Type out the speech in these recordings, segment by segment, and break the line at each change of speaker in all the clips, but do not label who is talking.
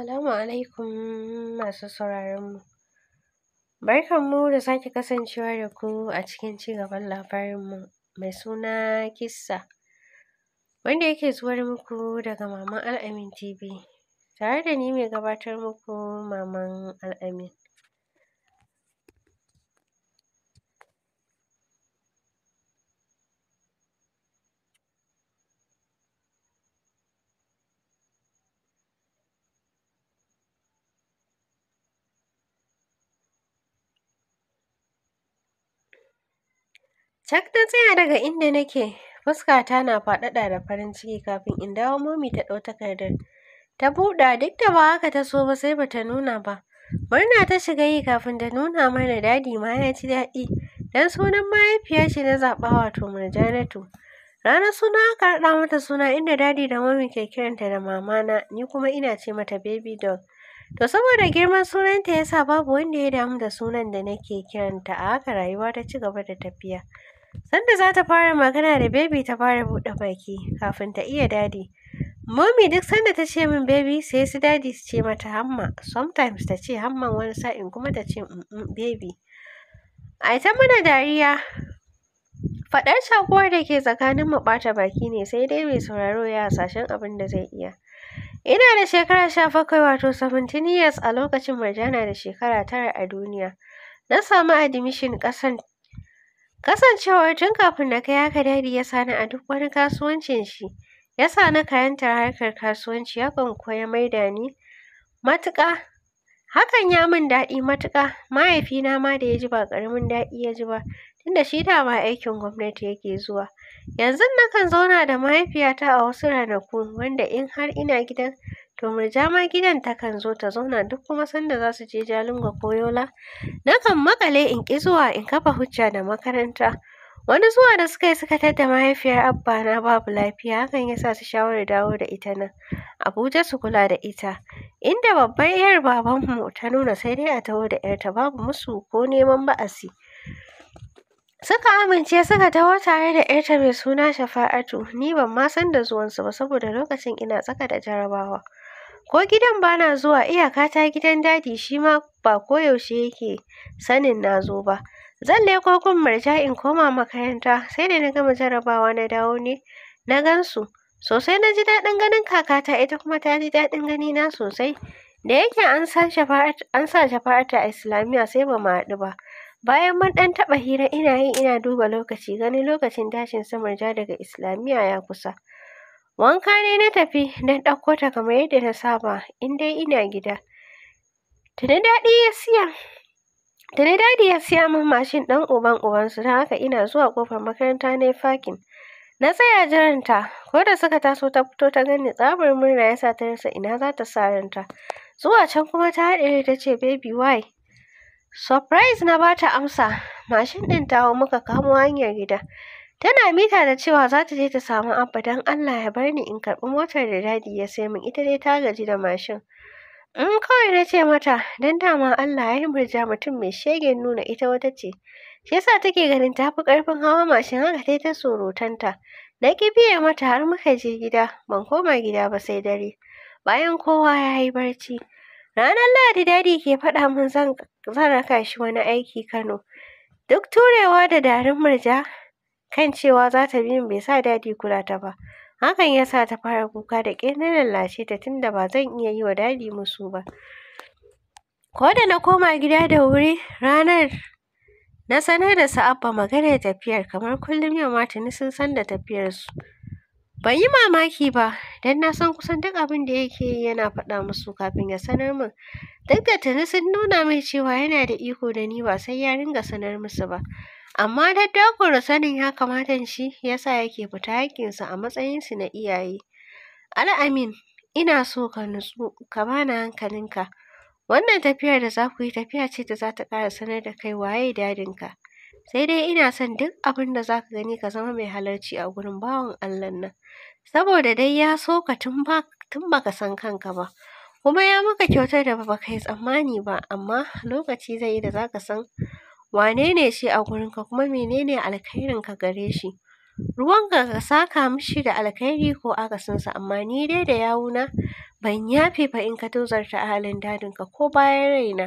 Assalamu alaikum masu sauraronmu. Barkanmu da sake kasancewa da ku a cikin ci cigaban labarinmu mai suna Kissa, wanda yake zuwar muku daga Maman Al'amin TV, tare da ni mai gabatar muku Maman Al'amin. Cak na tsaya daga inda nake, fuskata na faɗaɗa da farin ciki kafin in dawo momi ta ɗau takardar. Ta buɗa duk da ba haka ta so ba sai ba ta nuna ba. Murna ta shiga yi kafin ta nuna mana daɗi ma ya ji daɗi. Dan sunan mahaifiya ce na zaɓa wato Murjanatu. Ranar suna aka raɗa mata suna inda dadi da mami ke kiranta da mamana ni kuma ina ce mata baby doll. To saboda girman sunanta ya sa babu wanda ya damu da sunan da nake kiranta a haka rayuwa ta ci gaba da tafiya. Sanda za ta fara magana da baby ta fara buɗe baki kafin ta iya dadi. Mommy duk sanda ta ce min baby sai su dadi su ce mata hamma. Sometimes ta ce hamman wani sa'in kuma ta ce mm, mm, baby. A ita mana dariya. Faɗar shakuwar da ke tsakanin mu ɓata baki ne sai dai mai sauraro ya hasashen abin da zai iya. Ina da shekara sha bakwai wato 17 years a lokacin murjana da shekara tara a duniya. Na samu admission ƙasan Kasancewar tun kafin na kai haka dadi ya sani a duk wani kasuwancin shi, ya sa na karantar harkar kasuwanci hakan kuwa ya maida ni matuƙa. Hakan ya min daɗi matuƙa, mahaifina ma da ya ji ba ƙaramin daɗi ya ji ba, tunda shi dama aikin gwamnati yake zuwa. Yanzu nakan zauna da mahaifiyata a wasu ranaku, wanda in har ina gidan To murja ma gidan kan zo ta zauna duk kuma sanda za su je Jalingo ko Yola. Nakan makale in ƙi zuwa in kafa hujja da makaranta. Wani zuwa da suka yi suka tadda mahaifiyar Abba na babu lafiya hakan ya sa su shawarar dawo da ita nan. Abuja su kula da ita. Inda babban 'yar babanmu ta nuna sai dai a taho da 'yarta babu musu ko neman ba'asi. Suka amince suka taho tare da ‘yarta mai suna Shafa'atu, ni ban ma san da zuwansu ba saboda lokacin ina tsaka da jarabawa. Ko gidan bana na zuwa, iyakata gidan dadi shi ma ba koyaushe yake sanin na zo ba. Zan leko kun marja in koma makaranta, sai da na gama jarabawa na dawo ne na gan Sosai na ji daɗin ganin kakata ita kuma ta ji daɗin ganina sosai. Da yake an sa Shafa'atu a Islamiyya sai ba mu haɗu ba. Bayan mun ɗan taɓa hira ina yi ina duba lokaci ganin lokacin tashin samarja daga Islamiyya ya kusa. Wanka ne na tafi don ɗauko ta kamar yadda na saba in dai ina gida. Tuni daɗi ya siya. Tuni daɗi ya siya min mashin ɗan uban ubansu don haka ina zuwa ƙofar makaranta na yi fakin. Na tsaya jiranta, ko da suka taso ta fito ta gani tsabar murna ya sa ta rasa ina za ta sa ranta. Zuwa can kuma ta haɗe ta ce baby why? Surprise na ba ta amsa, mashin ɗin ta hau muka kamo hanyar gida. Tana mita da cewa za ta je ta samu Abba don Allah ya bar ni in karɓi motar da dadi ya sai min ita dai ta gaji da mashin. In mm, kawai na ce mata don dama Allah ya yi murja mutum mai shegen nuna ita wata ce. Shi yasa take ganin ta fi ƙarfin hawa mashin haka ta ta surutanta. Na ki biya mata har muka je gida ban koma gida ba sai dare. Bayan kowa ya yi barci. Ranar Lahadi dadi ke faɗa min zan raka shi wani aiki Kano. Duk turewa da darin murja kan cewa za ta bi bai sa dadi kula ta ba. Hakan ya sa ta fara kuka da ƙyar na ta tunda ba zan iya yi wa dadi musu ba. Ko da na koma gida da wuri ranar na sanar da Sa'abba maganar tafiyar kamar kullum yamma tuni sun san da tafiyarsu. Ban yi mamaki ba, don na san kusan duk abin da yake yi yana faɗa musu kafin ya sanar min. Duk da tuni sun nuna mai cewa yana da iko da ni ba sai ya ringa sanar musu ba. Amma dakon sanin ya kamata shi ya sa yake fita haƙƙinsa a matsayinsu na iyaye. Al'amin, ina so ka nutsu, ka bani hankalinka. Wannan tafiyar da za ku yi tafiya ce da za ta ƙara sanar da kai waye dadinka. sai dai ina son duk abin da za ka gani ka zama mai halarci a gurin bawan allah nan saboda dai ya so ka tun ba ka san kanka ba kuma ya maka kyautar da ba ka tsammani ba amma lokaci zai yi da za ka san wane ne shi a gurinka kuma menene ka gare shi ruwanka ka saka mishi da alkhairi ko akasinsa amma ni dai da yawuna ban yafe fa in ka tozarta halin dadinka ko bayan raina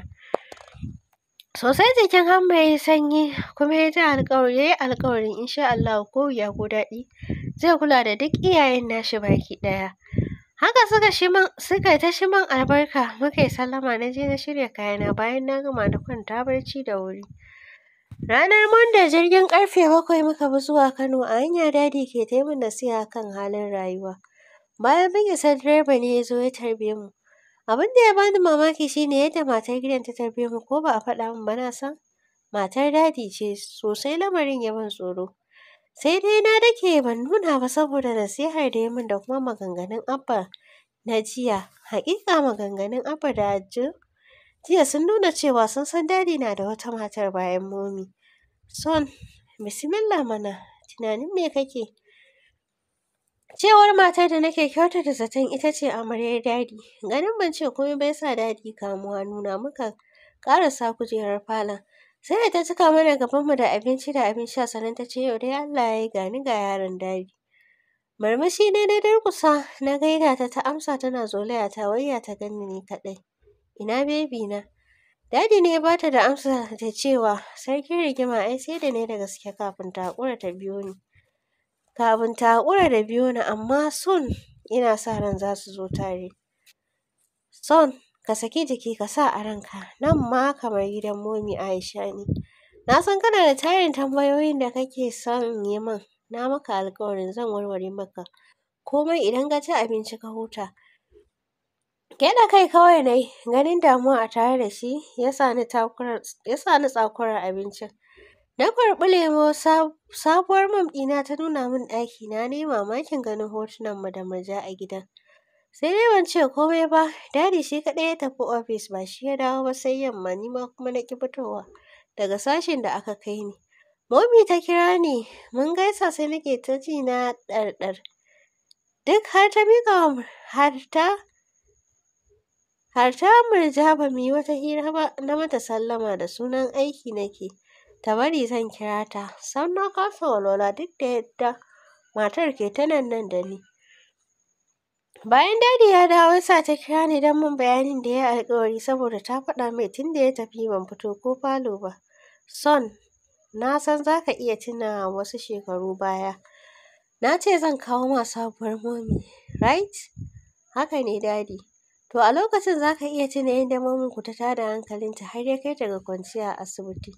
sosai jikin Hamma ya sanyi kuma ya ji alƙawari ya yi alƙawarin insha Allah ko ya ko daɗi zai kula da duk iyayen nashi baki ɗaya. Haka suka shiman suka ta shiman albarka muka yi sallama na je na shirya kayana bayan na gama da kwanta barci da wuri. Ranar Monday jirgin ƙarfe bakwai muka bi zuwa Kano a hanya dadi ke taimun nasiha kan halin rayuwa. Bayan bin isa direba ne ya zo ya tarbe mu. Abin da ya bani mamaki shine yadda matar gidan ta tarbe mu ko ba a faɗa min ba na san matar dadi ce sosai lamarin ya ban tsoro. Sai dai na dake ban nuna ba saboda nasihar da ya min da kuma maganganun Abba na jiya. Haƙiƙa! maganganun Abba da jiya sun nuna cewa sun san dadi na da wata matar bayan momi. Son, bismillah mana, tunanin me kake? Cewar matar da nake kyauta da zaton ita ce amaryar dadi. Ganin ban ce komai bai sa dadi kamuwa nuna muka sa kujerar falon. Sai da ta cika mana gabanmu da abinci da abin sha sannan ta ce yau dai Allah ya yi gani ga yaron dadi. Marmashi ne na durƙusa na gaida ta ta amsa tana zolaya ta wayya ta ganni ni kaɗai. Ina bebi na? Dadi ne ya bata da amsa da cewa sarkin rigima ai sai da ne da gaske kafin ta haƙura ta biyo ni. Kafin ta haƙura da biyu na amma sun? ina sa ran za su zo tare. Son ka saki jiki ka sa a ranka nan ma kamar gidan momi Aisha ne. Na san kana da tarin tambayoyin da kake son yi min na maka alƙawarin zan warware maka komai idan ka ci abinci ka huta. Gyaɗa kai kawai nayi ganin damuwa a tare da shi ya sa ni tsakurar abincin. Na karɓi lemo sabuwar mamɗina ta nuna min ɗaki na ne mamakin ganin mu da murja a gidan. Sai dai ban ce komai ba, dadi shi kaɗai ya tafi ofis ba shi ya dawo ba sai yamma ni ma kuma na ƙi fitowa daga sashen da aka kai ni. Momi ta kira ni, mun gaisa sai nake ta ji na ɗarɗar. Duk har ta miƙa har ta har ta murja ba mu yi wata hira ba na mata sallama da sunan aiki nake. ta bari zan kira ta san na kasa walwala duk da yadda matar ke ta nan nan da ni bayan dadi ya dawo sa ta kira ni don min bayanin da ya yi alkawari saboda ta faɗa mai tun da ya tafi ban fito ko falo ba son na san za ka iya tuna wasu shekaru baya na ce zan kawo ma sabuwar momi right haka ne dadi To a lokacin za ka iya tuna yadda ku ta tada hankalinta har ya kai daga kwanciya a asibiti.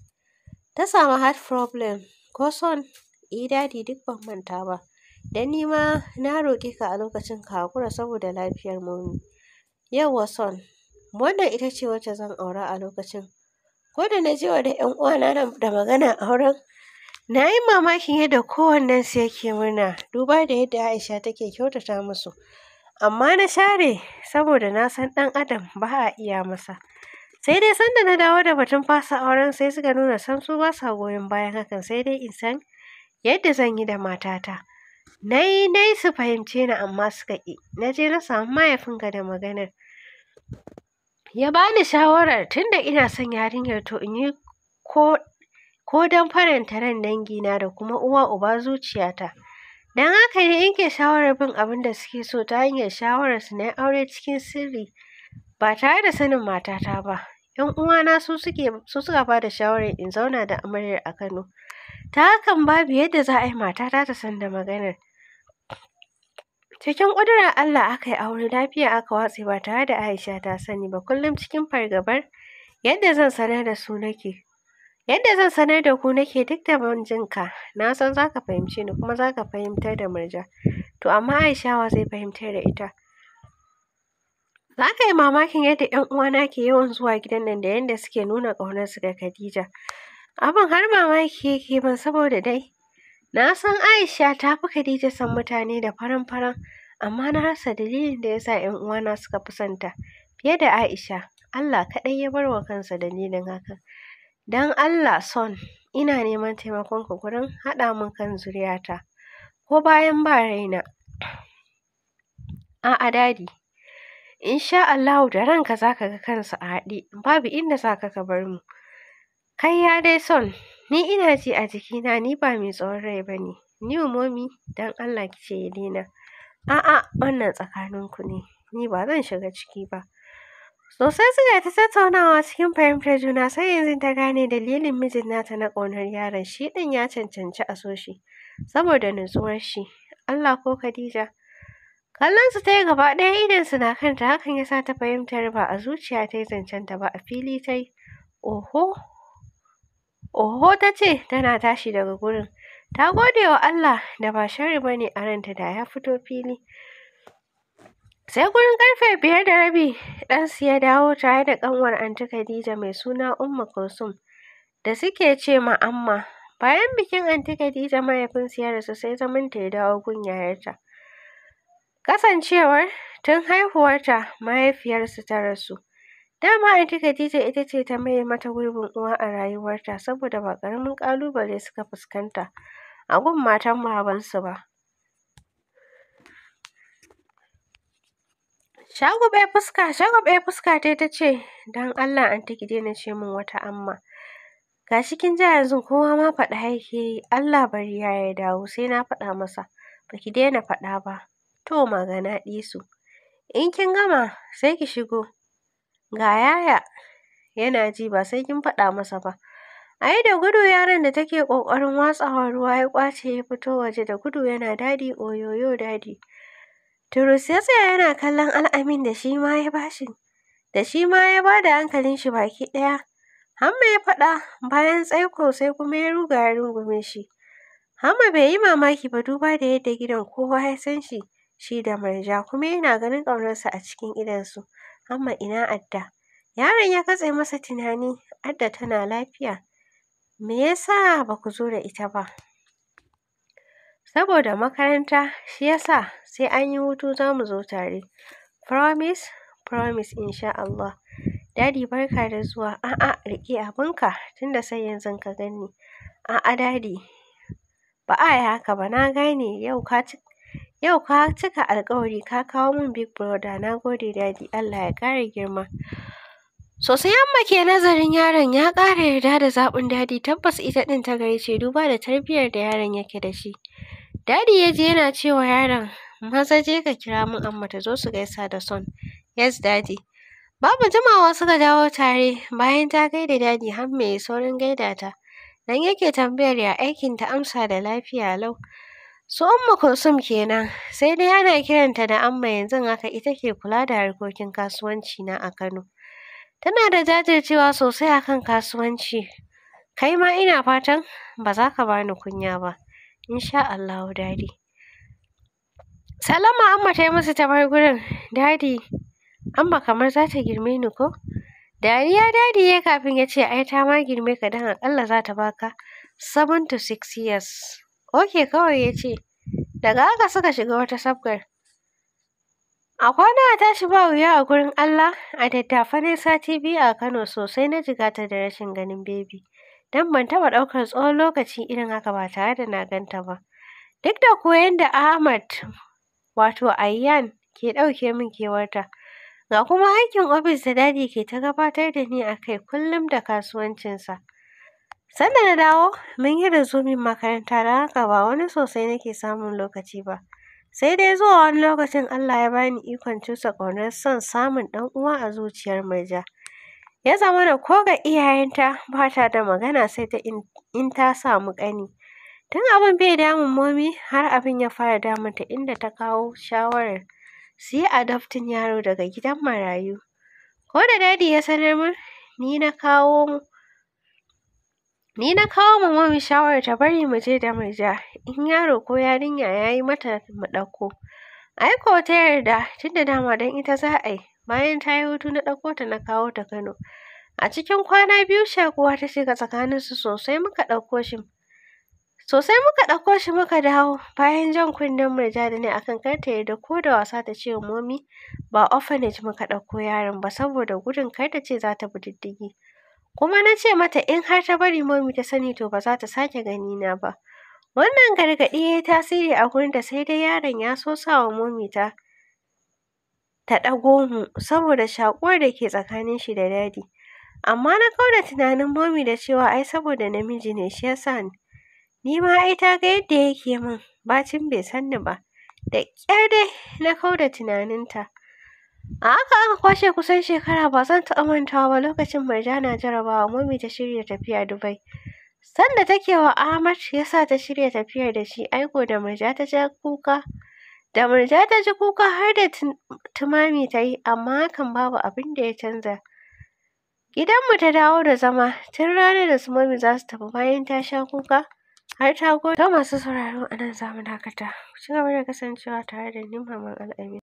ta samu heart problem ko son eh dadi duk ban manta ba dan ni ma na roƙe ka a lokacin ka haƙura saboda lafiyar mummy yawa son wannan ita ce wacce zan aura a lokacin ko da na je wa da ƴan uwana da magana auren na yi mamakin yadda kowannen su yake murna duba da yadda Aisha take kyautata musu amma na share saboda na san ɗan adam ba a iya masa Sai dai sanda na dawo da batun fasa auren sai suka nuna san su ba sa goyon bayan hakan sai dai in san yadda zan yi da matata. Na yi su fahimce ni amma suka ƙi. Na je na samu mahaifinka da maganar. Ya bani shawarar tunda ina son yarinyar to in yi ko ko don faranta ran dangina da kuma uwa uba zuciyata. Don haka ne yanke shawarar bin abin da suke so ta hanyar su na aure cikin sirri ba tare da sanin matata ba. ‘Yan uwana su suke su suka bada shawarar in zauna da amaryar a Kano. Ta hakan babu yadda za a yi matata ta san da maganar. Cikin ƙudurar Allah aka yi aure lafiya aka watse ba tare da Aisha ta sani ba kullum cikin fargabar yadda zan sanar da su nake. Yadda zan sanar da ku nake duk da ban jin ka, na san za fahimce ni kuma zaka fahimtar da murja. To amma Aisha wa zai fahimtar da ita? Za ka yi mamakin yadda ‘yan uwana ke yawan zuwa gidan nan da yadda suke nuna ƙaunarsu ga Khadija. Abin har mamaki yake ban saboda dai na san Aisha ta fi Khadija san mutane da faran-faran amma na rasa dalilin da ya sa ‘yan uwana suka fi son ta fiye da Aisha. Allah kaɗai ya bar wa kansa dalilin hakan. Don Allah son ina neman taimakonka gurin haɗa mun kan zuriyata ko bayan ba raina. A'a dadi. insha Allahu da ranka za ka ga kansu a haɗe babu inda za ka bar mu kai ya dai son ni ina ji a jikina ni ba mai tsawon rai ba ne Ni umomi. don Allah ki ce daina a'a wannan tsakaninku ne ni ba zan shiga ciki ba sosai suka ta tattaunawa cikin fahimtar juna sai yanzu ta gane dalilin mijin nata na ƙaunar yaron shi ɗin ya cancanci a so saboda nutsuwar shi Allah ko Khadija Kallonsu ta yi gaba ɗaya idonsu na kanta hakan ya sa ta fahimtar ba a zuciya ta yi zancenta ba a fili ta yi. Oho! Oho ta ce tana tashi daga gurin. Ta gode wa Allah da ba shari ba ne a ta da ya fito fili. Sai gurin karfe biyar da rabi ɗansu ya dawo tare da ƙanwar anti Khadija mai suna Umma Kulsum da suke ce ma Amma. Bayan bikin anti Khadija mahaifinsu ya rasu sai zamanta ya dawo gun yayarta. Kasancewar tun haihuwarta mahaifiyarsu ta rasu, dama Aunty Khadija ita ce ta maye mata gurbin uwa a rayuwarta saboda ba ƙaramin ƙalubale suka fuskanta a gun matan babansu ba. shagube fuska, shagube fuska ta ce, don Allah Aunty ki daina ce min wata amma. Ga shi kin yanzu kowa ma faɗa yake yi, Allah bari ya ya dawo sai na faɗa masa, ba ki daina faɗa ba. To magana ɗisu. in kin gama sai ki shigo. Ga Yaya yana ji ba sai kin faɗa masa ba. Ai da gudu yaron da take ƙoƙarin watsawa ruwa ya ƙwace ya fito waje da gudu yana daɗi oyoyo daɗi. Turus ya tsaya yana kallon al'amin da shi ma ya bashi, da shi ma ya ba da hankalin shi baki ɗaya. Hamma ya faɗa bayan tsaiko sai kuma ya ruga ya rungume shi. Hamma bai yi mamaki ba duba da yadda gidan kowa ya san shi. shi da Murja kuma yana ganin ƙaunarsa a cikin idonsu. Amma ina Adda? Yaron ya katse masa tunani, Adda tana lafiya. Me yasa ba ku zo da ita ba? Saboda makaranta, shi yasa sai an yi hutu za mu zo tare. Promise, promise insha Allah. Dadi barka da zuwa. A'a, riƙe abinka tunda sai yanzu ka gani. A'a dadi, ba a yi haka ba na gane yau ka ci Yau ka cika alƙawari, ka kawo min Big Brother. Na gode Daddy, Allah ya ƙara girma. Sosai Amma ke nazarin yaron ya ƙara yarda da zaɓin Daddy tabbas ita ɗin ta gari ce duba da tarbiyyar da yaron yake da shi. Daddy ya je yana cewa yaron maza je ka kira min Amma ta zo su gaisa da son. Yes Daddy. Babu jimawa suka dawo tare bayan ta gaida Daddy har mai saurin gaida ta. dan yake tambayar ya aikin ta amsa da lafiya lau. Su Umma Kulsum kenan, sai dai ana kiranta da Amma yanzu haka ita ke kula da harkokin kasuwanci na a Kano. Tana da jajircewa sosai a kan kasuwanci. Kai ma ina fatan ba za ka bani kunya ba, insha Allahu dadi. Salama Amma ta yi musu ta bar gurin, dadi, Amma kamar za ta girme ni ko? Dariya dadi ya kafin ya ce ai ta ma girme ka dan akalla za ta baka seven to six years. oke kawai ya ce. Daga haka suka shiga wata sabgar. A kwana a tashi ba wuya a gurin Allah, a daddafa nesa sati biyu a Kano sosai na jigata da rashin ganin bebi. Don ban taɓa ɗaukar tsawon lokaci irin haka ba tare da na ganta ba. Duk da koyan da Ahmad wato Ayyan ke ɗauke min kewarta. Ga kuma aikin ofis da dadi ke ta gabatar da ni a kai kullum da kasuwancinsa. Sanda na dawo, mun yi resumin makaranta da haka ba wani sosai nake samun lokaci ba. Sai dai zuwa wani lokacin Allah ya bani ikon cusa ƙaunar son samun ɗan uwa a zuciyar Murja. Ya zama da ko ga iyayenta ba ta da magana sai ta in ta samu ƙani. Tun abin bai damun Momi har abin ya fara ta inda ta kawo shawarar su yi adaftin yaro daga gidan marayu. Ko da Dadi ya sanar mun, ni na kawo mu. Ni na kawo ma mami shawarar ta bari mu je da murja in yaro ko yarinya ya yi mata mu ɗauko. Aiko ta yarda, tunda dama don ita za a yi, bayan ta yi hutu na ɗauko ta na kawo ta Kano. A cikin kwana biyu kuwa ta shiga tsakaninsu sosai muka ɗauko shi. Sosai muka ɗauko shi muka dawo, bayan jan kunnen murja da ne akan kar ta yarda ko da wasa ta ce momi ba orphanage muka ɗauko yaron ba saboda gudun kar ta ce za ta bi diddigi. Kuma na ce mata in har ta bari momi ta sani to ba za ta sake gani na ba. Wannan gargaɗi ya yi tasiri a gurin da sai dai yaron ya so sa wa momi ta ta ɗago mu saboda shaƙuwar da ke tsakanin shi da dadi. Amma na kauda tunanin momi da cewa ai saboda namiji ne shi yasa ni. Ni ma ai ta ga yadda yake min bacin bai san ni ba. Da ƙyar dai na kauda tunaninta. A haka aka kwashe kusan shekara ba zan taɓa mantawa ba lokacin Marja na jarabawa mummy ta shirya tafiya Dubai. Sanda take wa Ahmad ya sa ta shirya tafiyar da shi aiko da Marja ta ja kuka. Da Marja ta ji kuka har da tumami ta yi amma hakan babu abin da ya canza. gidan mu ta dawo da zama tun ranar da su mummy za su tafi bayan ta sha kuka har ta gode. Ga masu sauraro a nan za mu dakata. Ku ci gaba da kasancewa tare da ni Maman Al'amin.